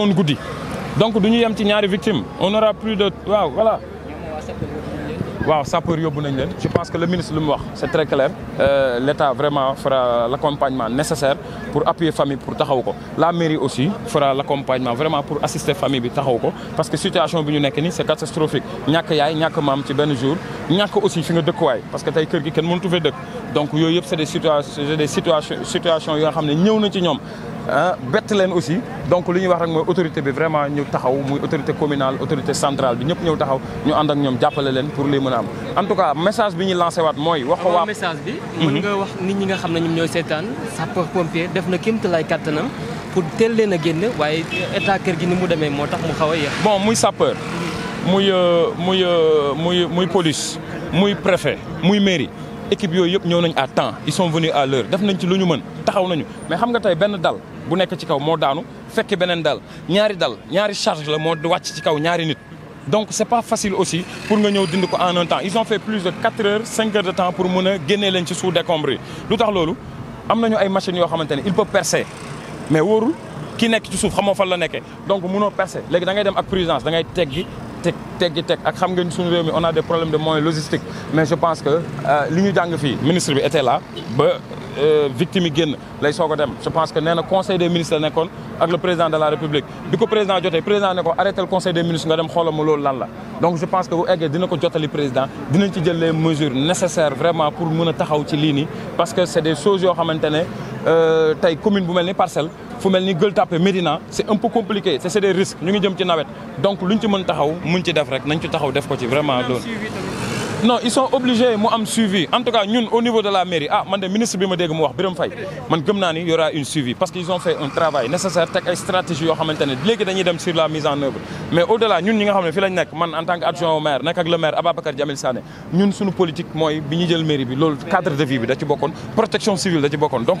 amoon guddi donc du ñu yem ci ñaari victime on plus de waaw voilà. waaw sapeur yóbbu nañ leen je pense que le ministre lu mu wax c'est très clair euh, l'État vraiment fera l'accompagnement nécessaire pour appuyer famille pour taxaw ko la mairie aussi fera l'accompagnement vraiment pour assister famille bi taxaw ko parce que situation bi ñu nekk nii c'est catastrophique ñàkk yaay ñàkk maam ci benn jour ñàkk aussi fi nga dëkkuwaay parce que tey kër Ah, bett leen aussi donc lu ñuy wax rek mooy autorité bi vraiment ñu taxaw muy autorité communal autorité centrale bi ñëpp ñëw taxaw ñu ànd ak ñoom jàppale leen pour lii mën a am en tout cas message bi ñu lancé waat mooy wax waa message bi mhm. mën nga wax nit ñi nga xam ne ñoom ñooy seetaan sapeur pompier def na kéemtalaay kàttanam pour teel leen a génn waaye état kër gi ni mu demee moo tax mu xaw a yéex bon muy sapeur mhm. muy euh, muy euh, muy muy police muy préfet muy mairie équipe yooyu yëpp ñëw nañ à temps ils sont venus à l'heure def nañ ci lu ñu mën taxaw nañu mais xam nga tey benn dal bu nekk ci kaw moo daanu fekk beneen dal ñaari dal ñaari charge la moo wàcc ci kaw ñaari nit donc c'est pas facile aussi pour nga ñëw dindi ko en un temps ils ont fait plus de 4 heures 5 heures de temps pour mën a génnee ci sous décombre yi lu tax loolu am nañu ay machine yoo xamante ne il peut percer mais wóorul ki nekk ci suuf xamoo fan la nekkee donc mënoo percer léegi da ngay dem ak prudence da ngay teggi teg teggi teg ak xam ngeen suñu réew mi on a des problèmes de moyens logistiques mais je pense que euh, li ñu jàng fii ministre bi était là ba euh, victime yi génn lay soog a dem je pense que nee na conseil des ministres la nekkoon ak le président de la république bi ko président jotee président ne ko arrêté conseil des ministres nga dem xoolal ma loolu lan la donc je pense que bu eggee dina ko jotali président dinañ ci jël les mesures nécessaires vraiment a taxaw ci lii nii parce que c'est des choses yoo ne euh, tey commune bu mel ni parcelle fu mel ni Gueule Tapée Médina c'est un peu compliqué te c'est des risques ñu ngi jëm ci nawet donc luñ ci mën taxaw muñ ci def rek nañ ci taxaw def ko ci vraiment loolu non ils sont obligés mu am suivi en tout cas ñun au niveau de la mairie ah man de ministre bi ma dégg mu wax Birame Faye man gëm naa ni y une suivi parce que ils ont fait un travail nécessaire teg stratégie yoo xamante ne léegi dañuy dem sur la mise en œuvre mais au delà ñun ñi nga xam ne fi lañ en tant que adjoint au maire ñun suñu politique mooy bi ñu jël mairie bi loolu cadre de vie bi da bokkoon protection civile da bokkoon donc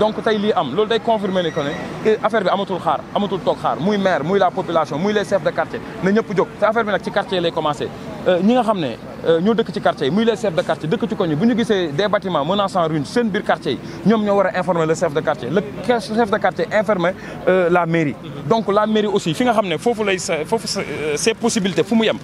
donc tey lii am loolu day confirmer ni que ne affaire bi amatul xaar amatul toog xaar muy maire muy la population muy les chefs de quartier na ñëpp jóg te affaire bi nag ci quartier yi lay commencé euh, ñi nga xam ne euh, ñoo dëkk ci quartier yi muy les chefs de quartier dëkk ci koñ bu ñu gisee des bâtiments menaçant ruine seen biir quartier yi ñoom ñoo war a informer le de quartier le chef de quartier informer euh, la mairie donc la mairie aussi fi nga xam ne foofu lay foofu ses possibilités fu mu yem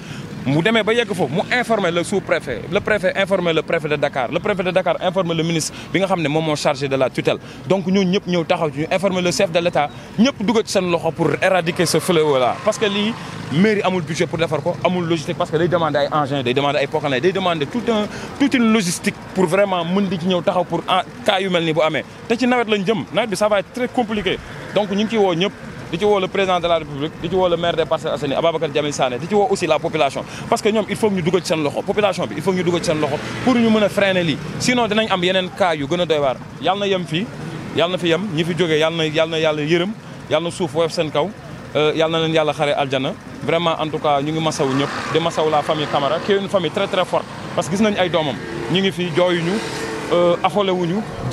mu demee ba yegg foofu mu informer le sous-préfet le préfet informer le préfet de Dakar le préfet de Dakar informer le ministre bi nga xam ne moom moo chargé de la tutelle donc ñooñu ñëpp ñëw taxaw ci ñu informer le chef de l'État ñëpp dugg seen loxo pour éradiquer ce fléau là parce que lii mairie amul budget pour defar ko amul logistique parce que day demander ay engins day demander ay pokanay day demander tout un une logistique pour vraiment mën di ci ñëw taxaw pour cas yu mel nii bu amee te ci nawet lañ jëm ñu ngi ciy woo ñëpp di ci woo le président de la république di ci woo le maire des Parcelles Assainies Ababacar Jamil Sané di ci woo aussi la population parce que ñoom il faut ñu dugal ci seen loxo population bi il faut ñu dugal seen loxo pour ñu mën a freiner lii sinon dinañ am yeneen cas gën a doy waar yàlla na yem fii yàlla na fi yem ñi fi jógee yàlla na yàlla na na suuf woyof seen kaw euh, yàlla na leen yàlla xare aljana vraiment en tout cas ñu ngi masawu ñëpp di masawu la famille Camara qui est une famille très très forte parce euh,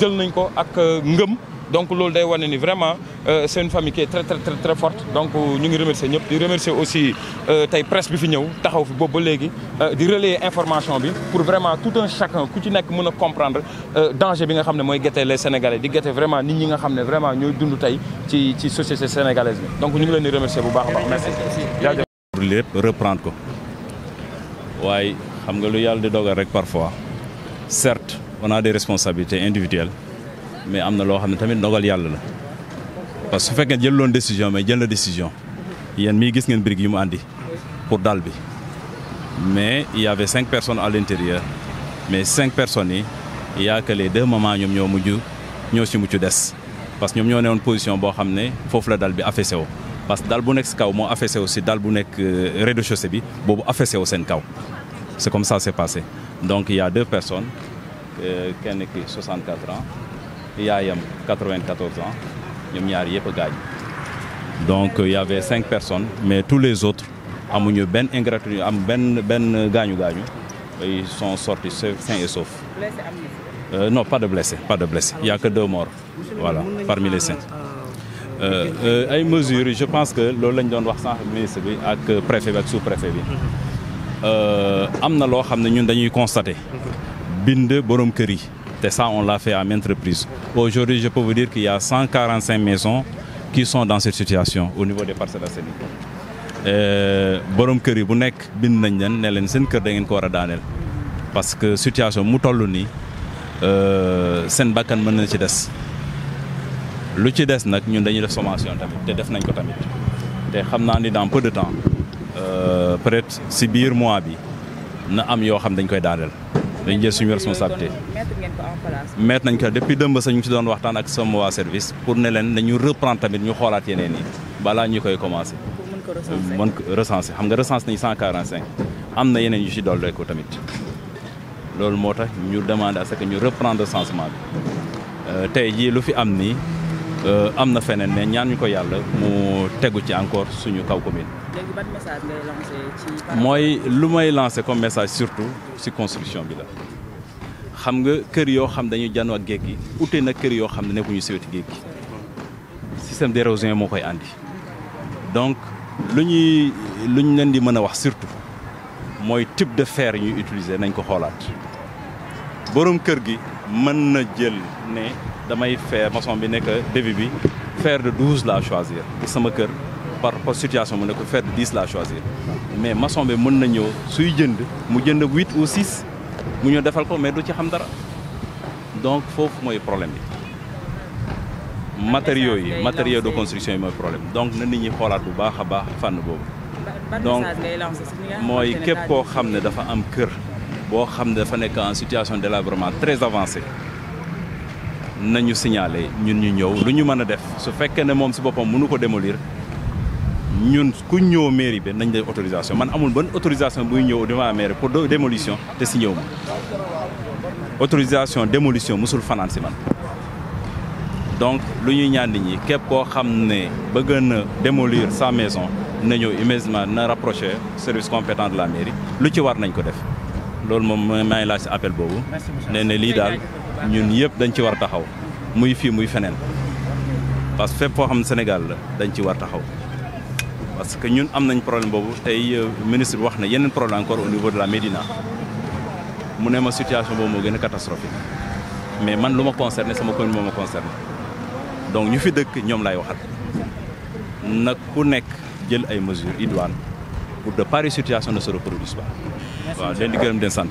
jël nañ ko ak euh, ngëm donc loolu day wane ni vraiment euh, seen une famille qui très très forte donc ñu ngi remercier ñëpp di remercier aussi euh, tey presse bi fi ñëw taxaw fi boobu ba léegi euh, di relayer information bi pour vraiment tout un chacun ku ci nekk mën a comprendre danger bi nga xam ne mooy guetter les sénégalais di guetter vraiment nit ñi nga xam ne vraiment ñooy dund tey ci ci société sénégalaise bi donc ñu ngi leen di remercier bu baax a baax merci jaajëf lépp reprendre ko waaye xam nga lu yàlla di dogal rek parfois certes on a des responsabilités individuelles mais am na loo xam ne tamit ndogal yàlla la parce que su fekkee jël loon décision mais jël na décision yéen mii gis ngeen briques yi mu àndi pour dal bi mais il y avait cinq à l'intérieur mais cinq personnes yi yaakaar deux moments ñoom ñoo mujj ñoo si mucc des parce que ñoom ñoo newoon position boo xam ne foofu la dal bi affaissé wu parce que dal bu nekk si kaw moo affaissé wu si dal bu nekk euh, rez de bi boobu affaissé wu seen kaw c'est comme ça c'est passé donc il y a euh, kenn ki 64 yaayam 94 ans ñoom ñaar yëpp a donc il y avait cinq personnes mais tous les autres amuñu benn ingratitude am benn benn gaañu gaañu ils sont sortis sains et saufs. blessé euh, am pas de blessé pas de blessé il y a que deux morts voilà parmi les cinq. Euh, euh, ay mesures je pense que loolu la doon wax sànq ministre bi ak préfet bi ak sous-préfet bi am na loo xam ne ñun dañuy constater bind borom kër yi. Et ça, on l'a fait à maintes reprises. Aujourd'hui, je peux vous dire qu'il y a 145 maisons qui sont dans cette situation au niveau des parcelles assainies. Euh, borom kër yi bu nekk bind nañ leen ne leen seen kër da ngeen ko war a daaneel parce que situation mu toll nii euh, seen bakkan mën na ci des lu ci des nag ñun dañuy def sommation tamit te def nañ ko tamit te xam naa ni dans peu de temps euh, peut-être si biir mois bi na am yoo xam dañ koy daaneel. dañ jël suñu responsabilité mettre nañ ko depuis dëmb sax ñu si doon waxtaan ak sama waa service pour ne leen nañu reprendre tamit ñu xoolaat yeneen yi balaa ñu koy commencé mën ko recensé xam nga recensé nañu 145 am na yeneen yu si dolli ko tamit loolu moo tax ñu demandé à ce que ñu reprendre recensement bi euh, tey lu fi am ni Euh, am na feneen mais ñaan ñu ko yàlla mu tegu ci encore suñu kaw commune. léegi mooy lu may lancé ko message surtout ci construction bi la xam nga kër yoo xam dañuy janoo ak géej gi ute na kër yoo xam ne nekkuñu ci wetu géej gi système d'érosion moo koy andi donc lu ñuy luñ ñu leen di mën a wax surtout mooy type de fer ñuy utiliser nañ ko xoolaat borom kër gi mën na jël ne. damay faire maçon bi nekk début bi faire de douze la choisir pour sama kër par par situation mu ne ko faire de dix laa choisir mais maçon bi mën na ñëw suy jënd mu jënd huit ou six mu ñëw defal ko mais du ci xam dara donc foofu mooy problème bi. matériaux yi matériaux de construction yi mooy problème donc na nit ñi xoolaat bu baax a baax fànn boobu. donc mooy képp koo xam ne dafa am kër. boo xam ne dafa nekk en situation délabrement très avancé nañu siñaale ñun ñu ñëw lu ñu mën a def su fekkee ne moom si boppam mënu ko démolir ñun ku ñëw mairie bi nañ de autorisation man amul ban autorisation buy ñëw devant mairie pour démolition te si ñëw ma autorisation démolition musul fanaan si man donc lu ñuy ñaan nit ñi képp koo xam ne bëgg na démolir sa maison na ñëw immédiatement na rapproché service compétent de la mairie lu ci war nañ ko def loolu moom maa ngi laaj si appel boobu nee lii daal ñun yëpp dañ ci war taxaw muy fii muy feneen parce que fépp foo xam ne Sénégal la dañ ci war taxaw parce que ñun am nañ problème boobu tey euh, ministre wax na yeneen problème encore au niveau de la Médina mu ne ma situation boobu moo gën a catastrophique mais man lu ma concerné sama commune moo ma concerné donc ñu fi dëkk ñoom lay waxal nag ku nekk jël ay mesures idoines pour de pareilles situations ne se reproduisent pas waaw leen di gërëm den sant